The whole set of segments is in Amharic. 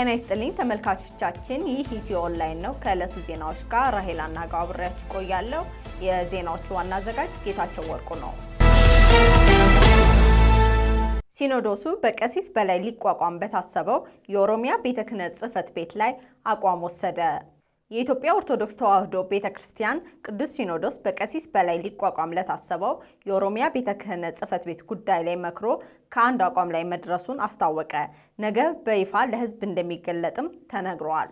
ጤና ይስጥልኝ ተመልካቾቻችን፣ ይህ ኢትዮ ኦንላይን ነው። ከዕለቱ ዜናዎች ጋር ራሄል አናጋው አብሬያችሁ ቆያለሁ። የዜናዎቹ ዋና አዘጋጅ ጌታቸው ወርቁ ነው። ሲኖዶሱ በቀሲስ በላይ ሊቋቋም በታሰበው የኦሮሚያ ቤተ ክህነት ቤት ላይ አቋም ወሰደ። የኢትዮጵያ ኦርቶዶክስ ተዋሕዶ ቤተ ክርስቲያን ቅዱስ ሲኖዶስ በቀሲስ በላይ ሊቋቋም ለታሰበው የኦሮሚያ ቤተ ክህነት ጽሕፈት ቤት ጉዳይ ላይ መክሮ ከአንድ አቋም ላይ መድረሱን አስታወቀ። ነገ በይፋ ለሕዝብ እንደሚገለጥም ተነግሯል።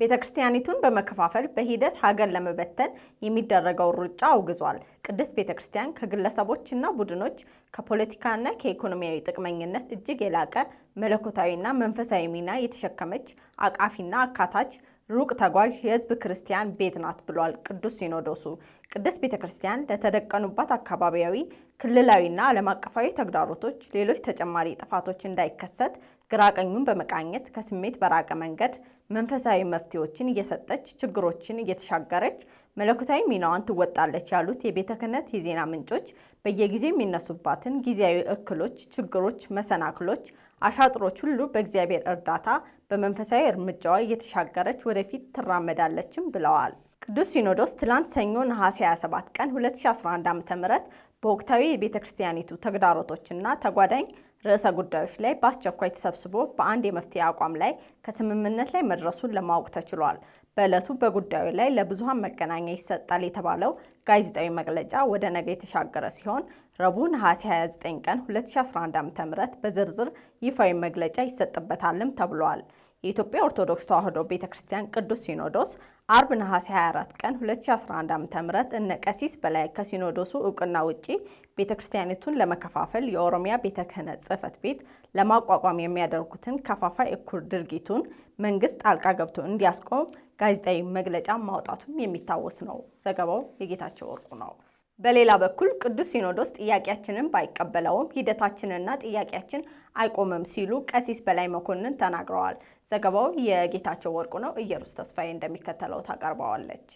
ቤተ ክርስቲያኒቱን በመከፋፈል በሂደት ሀገር ለመበተን የሚደረገው ሩጫ አውግዟል። ቅድስት ቤተ ክርስቲያን ከግለሰቦችና ቡድኖች ከፖለቲካና ከኢኮኖሚያዊ ጥቅመኝነት እጅግ የላቀ መለኮታዊና መንፈሳዊ ሚና የተሸከመች አቃፊና አካታች ሩቅ ተጓዥ የህዝብ ክርስቲያን ቤት ናት ብሏል ቅዱስ ሲኖዶሱ። ቅድስት ቤተ ክርስቲያን ለተደቀኑባት አካባቢያዊ፣ ክልላዊና ዓለም አቀፋዊ ተግዳሮቶች ሌሎች ተጨማሪ ጥፋቶች እንዳይከሰት ግራቀኙን በመቃኘት ከስሜት በራቀ መንገድ መንፈሳዊ መፍትሄዎችን እየሰጠች ችግሮችን እየተሻገረች መለኮታዊ ሚናዋን ትወጣለች ያሉት የቤተ ክህነት የዜና ምንጮች በየጊዜው የሚነሱባትን ጊዜያዊ እክሎች፣ ችግሮች፣ መሰናክሎች፣ አሻጥሮች ሁሉ በእግዚአብሔር እርዳታ በመንፈሳዊ እርምጃዋ እየተሻገረች ወደፊት ትራመዳለችም ብለዋል። ቅዱስ ሲኖዶስ ትላንት ሰኞ ነሐሴ 27 ቀን 2011 ዓ.ም በወቅታዊ የቤተ ክርስቲያኒቱ ተግዳሮቶችና ተጓዳኝ ርዕሰ ጉዳዮች ላይ በአስቸኳይ ተሰብስቦ በአንድ የመፍትሄ አቋም ላይ ከስምምነት ላይ መድረሱን ለማወቅ ተችሏል። በዕለቱ በጉዳዩ ላይ ለብዙሃን መገናኛ ይሰጣል የተባለው ጋዜጣዊ መግለጫ ወደ ነገ የተሻገረ ሲሆን ረቡዕ ነሐሴ 29 ቀን 2011 ዓ.ም በዝርዝር ይፋዊ መግለጫ ይሰጥበታልም ተብሏል። የኢትዮጵያ ኦርቶዶክስ ተዋሕዶ ቤተ ክርስቲያን ቅዱስ ሲኖዶስ አርብ ነሐሴ 24 ቀን 2011 ዓ.ም እነ ቀሲስ በላይ ከሲኖዶሱ እውቅና ውጪ ቤተ ክርስቲያኒቱን ለመከፋፈል የኦሮሚያ ቤተ ክህነት ቤት ለማቋቋም የሚያደርጉትን ከፋፋይ እኩል ድርጊቱን መንግስት ጣልቃ ገብቶ እንዲያስቆም ጋዜጣዊ መግለጫ ማውጣቱም የሚታወስ ነው። ዘገባው የጌታቸው ወርቁ ነው። በሌላ በኩል ቅዱስ ሲኖዶስ ጥያቄያችንን ባይቀበለውም ሂደታችንና ጥያቄያችን አይቆምም ሲሉ ቀሲስ በላይ መኮንን ተናግረዋል። ዘገባው የጌታቸው ወርቁ ነው። እየሩስ ተስፋዬ እንደሚከተለው ታቀርበዋለች።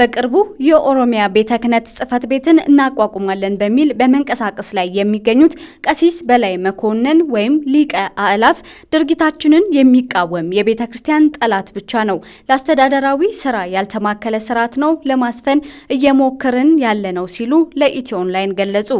በቅርቡ የኦሮሚያ ቤተ ክህነት ጽሕፈት ቤትን እናቋቁማለን በሚል በመንቀሳቀስ ላይ የሚገኙት ቀሲስ በላይ መኮንን ወይም ሊቀ አእላፍ ድርጊታችንን የሚቃወም የቤተ ክርስቲያን ጠላት ብቻ ነው፣ ለአስተዳደራዊ ስራ ያልተማከለ ስርዓት ነው ለማስፈን እየሞከርን ያለ ነው ሲሉ ለኢትዮ ኦንላይን ገለጹ።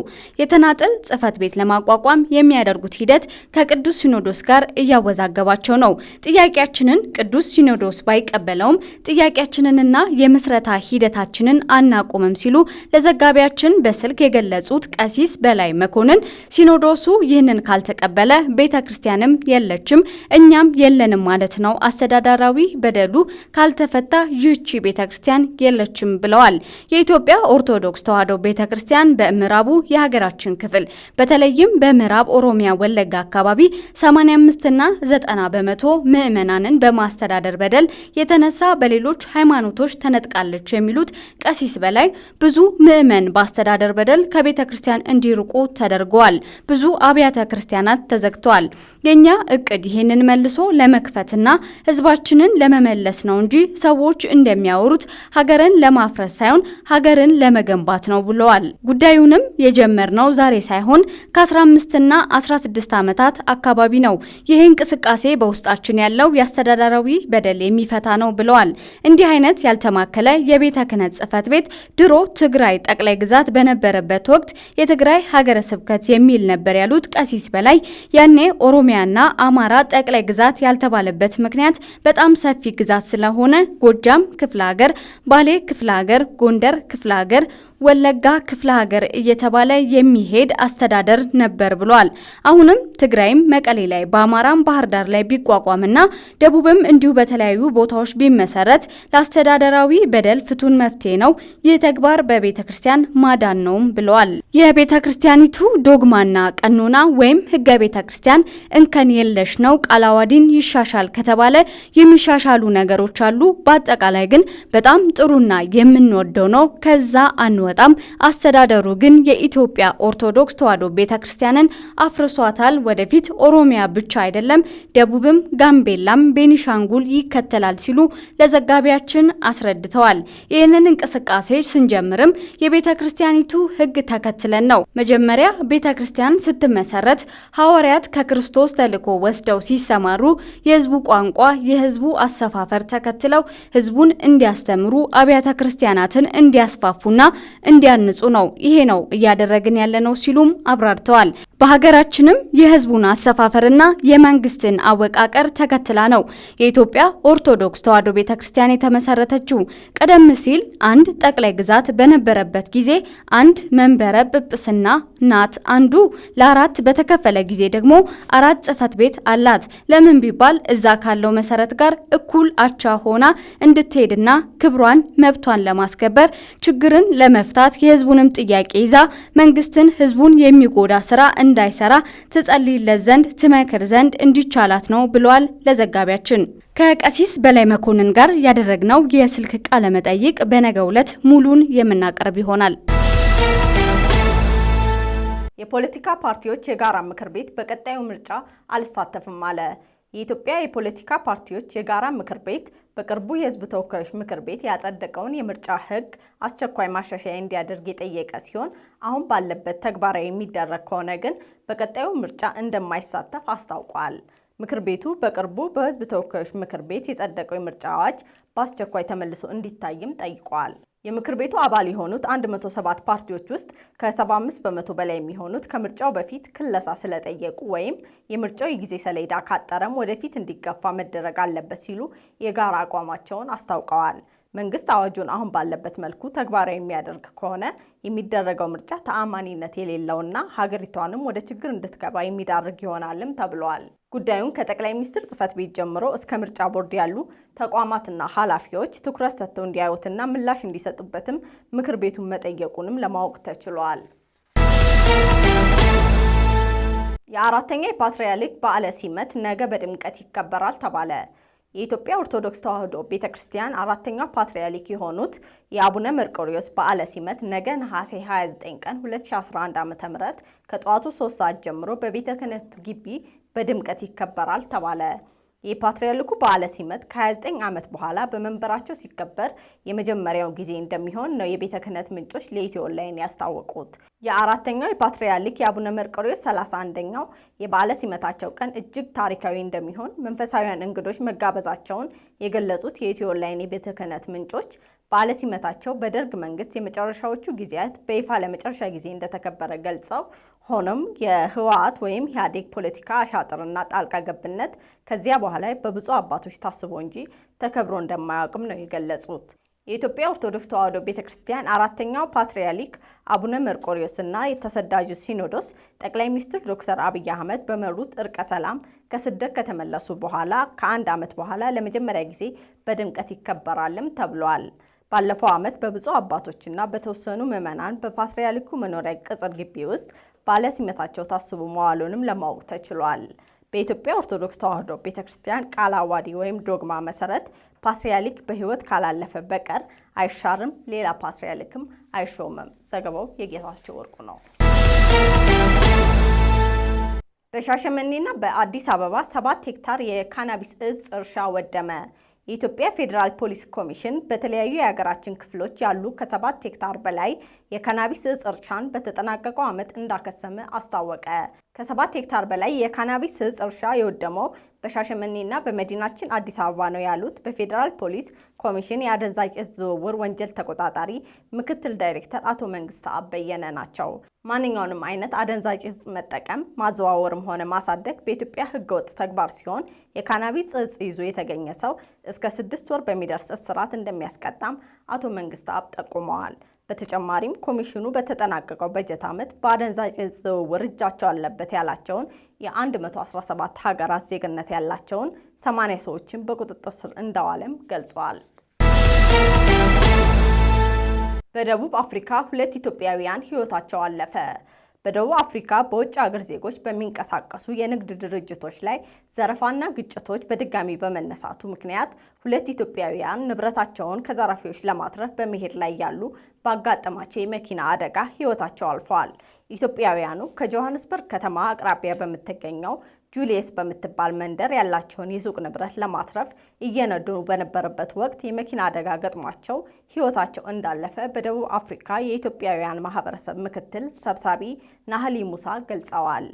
የተናጠ ጽሕፈት ቤት ለማቋቋም የሚያደርጉት ሂደት ከቅዱስ ሲኖዶስ ጋር እያወዛገባቸው ነው። ጥያቄያችንን ቅዱስ ሲኖዶስ ባይቀበለውም ጥያቄያችንንና የምስረታ ሂደታችንን አናቆምም ሲሉ ለዘጋቢያችን በስልክ የገለጹት ቀሲስ በላይ መኮንን ሲኖዶሱ ይህንን ካልተቀበለ ቤተ ክርስቲያንም የለችም እኛም የለንም ማለት ነው፣ አስተዳደራዊ በደሉ ካልተፈታ ይህቺ ቤተ ክርስቲያን የለችም ብለዋል። የኢትዮጵያ ኦርቶዶክስ ተዋሕዶ ቤተ ክርስቲያን በምዕራቡ የሀገራችን ክፍል በተለይም በምዕራብ ኦሮሚያ ወለጋ አካባቢ 85ና 90 በመቶ ምዕመናንን በማስተዳደር በደል የተነሳ በሌሎች ሃይማኖቶች ተነጥቃለች የሚሉት ቀሲስ በላይ ብዙ ምዕመን በአስተዳደር በደል ከቤተ ክርስቲያን እንዲርቁ ተደርገዋል። ብዙ አብያተ ክርስቲያናት ተዘግተዋል። የእኛ እቅድ ይህንን መልሶ ለመክፈትና ህዝባችንን ለመመለስ ነው እንጂ ሰዎች እንደሚያወሩት ሀገርን ለማፍረስ ሳይሆን ሀገርን ለመገንባት ነው ብለዋል። ጉዳዩንም የጀመርነው ዛሬ ሳይሆን ከ15ና 16 ዓመታት አካባቢ ነው። ይህ እንቅስቃሴ በውስጣችን ያለው የአስተዳደራዊ በደል የሚፈታ ነው ብለዋል። እንዲህ አይነት ያልተማከለ የቤ ቤተ ክህነት ጽሕፈት ቤት ድሮ ትግራይ ጠቅላይ ግዛት በነበረበት ወቅት የትግራይ ሀገረ ስብከት የሚል ነበር ያሉት ቀሲስ በላይ ያኔ ኦሮሚያና አማራ ጠቅላይ ግዛት ያልተባለበት ምክንያት በጣም ሰፊ ግዛት ስለሆነ ጎጃም ክፍለ ሀገር፣ ባሌ ክፍለ ሀገር፣ ጎንደር ክፍለ ሀገር ወለጋ ክፍለ ሀገር እየተባለ የሚሄድ አስተዳደር ነበር ብሏል። አሁንም ትግራይም መቀሌ ላይ በአማራም ባህር ዳር ላይ ቢቋቋምና ደቡብም እንዲሁ በተለያዩ ቦታዎች ቢመሰረት ለአስተዳደራዊ በደል ፍቱን መፍትሄ ነው። ይህ ተግባር በቤተ ክርስቲያን ማዳን ነውም ብለዋል። የቤተ ክርስቲያኒቱ ዶግማና ቀኖና ወይም ህገ ቤተ ክርስቲያን እንከን የለሽ ነው። ቃለ ዓዋዲን ይሻሻል ከተባለ የሚሻሻሉ ነገሮች አሉ። በአጠቃላይ ግን በጣም ጥሩና የምንወደው ነው። ከዛ አንወ ቢወጣም አስተዳደሩ ግን የኢትዮጵያ ኦርቶዶክስ ተዋሕዶ ቤተ ክርስቲያንን አፍርሷታል፣ ወደፊት ኦሮሚያ ብቻ አይደለም ደቡብም፣ ጋምቤላም፣ ቤኒሻንጉል ይከተላል ሲሉ ለዘጋቢያችን አስረድተዋል። ይህንን እንቅስቃሴ ስንጀምርም የቤተ ክርስቲያኒቱ ሕግ ተከትለን ነው። መጀመሪያ ቤተ ክርስቲያን ስትመሰረት ሐዋርያት ከክርስቶስ ተልእኮ ወስደው ሲሰማሩ የሕዝቡ ቋንቋ፣ የሕዝቡ አሰፋፈር ተከትለው ሕዝቡን እንዲያስተምሩ አብያተ ክርስቲያናትን እንዲያስፋፉና እንዲያንጹ ነው። ይሄ ነው እያደረግን ያለነው ሲሉም አብራርተዋል። በሀገራችንም የህዝቡን አሰፋፈርና የመንግስትን አወቃቀር ተከትላ ነው የኢትዮጵያ ኦርቶዶክስ ተዋሕዶ ቤተ ክርስቲያን የተመሰረተችው። ቀደም ሲል አንድ ጠቅላይ ግዛት በነበረበት ጊዜ አንድ መንበረ ጵጵስና ናት። አንዱ ለአራት በተከፈለ ጊዜ ደግሞ አራት ጽህፈት ቤት አላት። ለምን ቢባል እዛ ካለው መሰረት ጋር እኩል አቻ ሆና እንድትሄድና ክብሯን መብቷን ለማስከበር ችግርን ለመፍታት የህዝቡንም ጥያቄ ይዛ መንግስትን ህዝቡን የሚጎዳ ስራ እንዳይሰራ ትጸልይለት ዘንድ ትመክር ዘንድ እንዲቻላት ነው ብለዋል ለዘጋቢያችን። ከቀሲስ በላይ መኮንን ጋር ያደረግነው የስልክ ቃለ መጠይቅ በነገ ዕለት ሙሉን የምናቀርብ ይሆናል። የፖለቲካ ፓርቲዎች የጋራ ምክር ቤት በቀጣዩ ምርጫ አልሳተፍም አለ። የኢትዮጵያ የፖለቲካ ፓርቲዎች የጋራ ምክር ቤት በቅርቡ የሕዝብ ተወካዮች ምክር ቤት ያጸደቀውን የምርጫ ሕግ አስቸኳይ ማሻሻያ እንዲያደርግ የጠየቀ ሲሆን አሁን ባለበት ተግባራዊ የሚደረግ ከሆነ ግን በቀጣዩ ምርጫ እንደማይሳተፍ አስታውቋል። ምክር ቤቱ በቅርቡ በሕዝብ ተወካዮች ምክር ቤት የጸደቀው የምርጫ አዋጅ በአስቸኳይ ተመልሶ እንዲታይም ጠይቋል። የምክር ቤቱ አባል የሆኑት 107 ፓርቲዎች ውስጥ ከ75 በመቶ በላይ የሚሆኑት ከምርጫው በፊት ክለሳ ስለጠየቁ ወይም የምርጫው የጊዜ ሰሌዳ ካጠረም ወደፊት እንዲገፋ መደረግ አለበት ሲሉ የጋራ አቋማቸውን አስታውቀዋል። መንግስት አዋጁን አሁን ባለበት መልኩ ተግባራዊ የሚያደርግ ከሆነ የሚደረገው ምርጫ ተአማኒነት የሌለውና ሀገሪቷንም ወደ ችግር እንድትገባ የሚዳርግ ይሆናልም ተብለዋል። ጉዳዩን ከጠቅላይ ሚኒስትር ጽህፈት ቤት ጀምሮ እስከ ምርጫ ቦርድ ያሉ ተቋማትና ኃላፊዎች ትኩረት ሰጥተው እንዲያዩትና ምላሽ እንዲሰጡበትም ምክር ቤቱን መጠየቁንም ለማወቅ ተችሏል። የአራተኛ የፓትርያርክ በዓለ ሲመት ነገ በድምቀት ይከበራል ተባለ። የኢትዮጵያ ኦርቶዶክስ ተዋሕዶ ቤተ ክርስቲያን አራተኛው ፓትርያርክ የሆኑት የአቡነ መርቆሪዎስ በዓለ ሲመት ነገ ነሐሴ 29 ቀን 2011 ዓ.ም ከጠዋቱ 3 ሰዓት ጀምሮ በቤተ ክህነት ግቢ በድምቀት ይከበራል ተባለ። የፓትርያርኩ በዓለ ሲመት ከ29 ዓመት በኋላ በመንበራቸው ሲከበር የመጀመሪያው ጊዜ እንደሚሆን ነው የቤተ ክህነት ምንጮች ለኢትዮ ኦንላይን ያስታወቁት። የአራተኛው የፓትርያርክ የአቡነ መርቆሬዎስ 31ኛው የበዓለ ሲመታቸው ቀን እጅግ ታሪካዊ እንደሚሆን መንፈሳዊያን እንግዶች መጋበዛቸውን የገለጹት የኢትዮ ኦንላይን የቤተ ክህነት ምንጮች በዓለ ሲመታቸው በደርግ መንግስት የመጨረሻዎቹ ጊዜያት በይፋ ለመጨረሻ ጊዜ እንደተከበረ ገልጸው ሆኖም የህወሓት ወይም ኢህአዴግ ፖለቲካ አሻጥርና ጣልቃ ገብነት ከዚያ በኋላ በብፁዕ አባቶች ታስቦ እንጂ ተከብሮ እንደማያውቅም ነው የገለጹት። የኢትዮጵያ ኦርቶዶክስ ተዋሕዶ ቤተ ክርስቲያን አራተኛው ፓትርያርክ አቡነ መርቆሪዎስና የተሰዳጁ ሲኖዶስ ጠቅላይ ሚኒስትር ዶክተር አብይ አህመድ በመሩት እርቀ ሰላም ከስደት ከተመለሱ በኋላ ከአንድ ዓመት በኋላ ለመጀመሪያ ጊዜ በድምቀት ይከበራልም ተብሏል። ባለፈው ዓመት በብፁዕ አባቶችና በተወሰኑ ምዕመናን በፓትርያርኩ መኖሪያ ቅጽር ግቢ ውስጥ ባለስሜታቸው ታስቦ መዋሉንም ለማወቅ ተችሏል። በኢትዮጵያ ኦርቶዶክስ ተዋሕዶ ቤተ ክርስቲያን ቃለ ዓዋዲ ወይም ዶግማ መሰረት ፓትርያርክ በሕይወት ካላለፈ በቀር አይሻርም፣ ሌላ ፓትርያርክም አይሾምም። ዘገባው የጌታቸው ወርቁ ነው። በሻሸመኔና በአዲስ አበባ ሰባት ሄክታር የካናቢስ እጽ እርሻ ወደመ። የኢትዮጵያ ፌዴራል ፖሊስ ኮሚሽን በተለያዩ የሀገራችን ክፍሎች ያሉ ከሰባት ሄክታር በላይ የካናቢስ እጽ እርሻን በተጠናቀቀው ዓመት እንዳከሰመ አስታወቀ። ከሰባት ሄክታር በላይ የካናቢስ እጽ እርሻ የወደመው በሻሸመኔና በመዲናችን አዲስ አበባ ነው ያሉት በፌዴራል ፖሊስ ኮሚሽን የአደንዛዥ እጽ ዝውውር ወንጀል ተቆጣጣሪ ምክትል ዳይሬክተር አቶ መንግስት አበየነ ናቸው። ማንኛውንም አይነት አደንዛዥ እጽ መጠቀም ማዘዋወርም ሆነ ማሳደግ በኢትዮጵያ ሕገወጥ ተግባር ሲሆን የካናቢስ እጽ ይዞ የተገኘ ሰው እስከ ስድስት ወር በሚደርስ እስራት እንደሚያስቀጣም አቶ መንግስት አብ ጠቁመዋል። በተጨማሪም ኮሚሽኑ በተጠናቀቀው በጀት ዓመት በአደንዛዥ ዝውውር እጃቸው አለበት ያላቸውን የ117 ሀገራት ዜግነት ያላቸውን 80 ሰዎችን በቁጥጥር ስር እንዳዋለም ገልጸዋል። በደቡብ አፍሪካ ሁለት ኢትዮጵያውያን ሕይወታቸው አለፈ። በደቡብ አፍሪካ በውጭ ሀገር ዜጎች በሚንቀሳቀሱ የንግድ ድርጅቶች ላይ ዘረፋና ግጭቶች በድጋሚ በመነሳቱ ምክንያት ሁለት ኢትዮጵያውያን ንብረታቸውን ከዘራፊዎች ለማትረፍ በመሄድ ላይ ያሉ ባጋጠማቸው የመኪና አደጋ ሕይወታቸው አልፈዋል። ኢትዮጵያውያኑ ከጆሃንስበርግ ከተማ አቅራቢያ በምትገኘው ጁልየስ በምትባል መንደር ያላቸውን የሱቅ ንብረት ለማትረፍ እየነዱ በነበረበት ወቅት የመኪና አደጋ ገጥሟቸው ሕይወታቸው እንዳለፈ በደቡብ አፍሪካ የኢትዮጵያውያን ማህበረሰብ ምክትል ሰብሳቢ ናህሊ ሙሳ ገልጸዋል።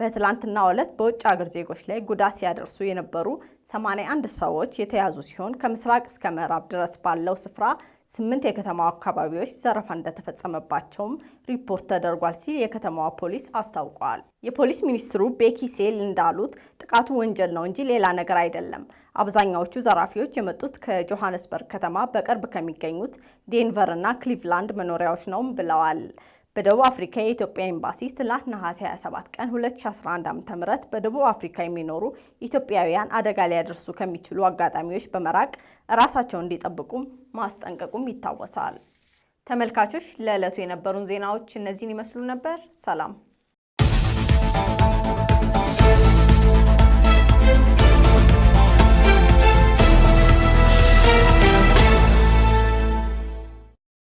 በትላንትና ዕለት በውጭ አገር ዜጎች ላይ ጉዳት ሲያደርሱ የነበሩ 81 ሰዎች የተያዙ ሲሆን ከምስራቅ እስከ ምዕራብ ድረስ ባለው ስፍራ ስምንት የከተማዋ አካባቢዎች ዘረፋ እንደተፈጸመባቸውም ሪፖርት ተደርጓል ሲል የከተማዋ ፖሊስ አስታውቋል። የፖሊስ ሚኒስትሩ ቤኪ ሴል እንዳሉት ጥቃቱ ወንጀል ነው እንጂ ሌላ ነገር አይደለም። አብዛኛዎቹ ዘራፊዎች የመጡት ከጆሃንስበርግ ከተማ በቅርብ ከሚገኙት ዴንቨር እና ክሊቭላንድ መኖሪያዎች ነው ብለዋል። በደቡብ አፍሪካ የኢትዮጵያ ኤምባሲ ትላንት ነሐሴ 27 ቀን 2011 ዓ.ም በደቡብ አፍሪካ የሚኖሩ ኢትዮጵያውያን አደጋ ሊያደርሱ ከሚችሉ አጋጣሚዎች በመራቅ ራሳቸውን እንዲጠብቁም ማስጠንቀቁም ይታወሳል። ተመልካቾች ለዕለቱ የነበሩን ዜናዎች እነዚህን ይመስሉ ነበር። ሰላም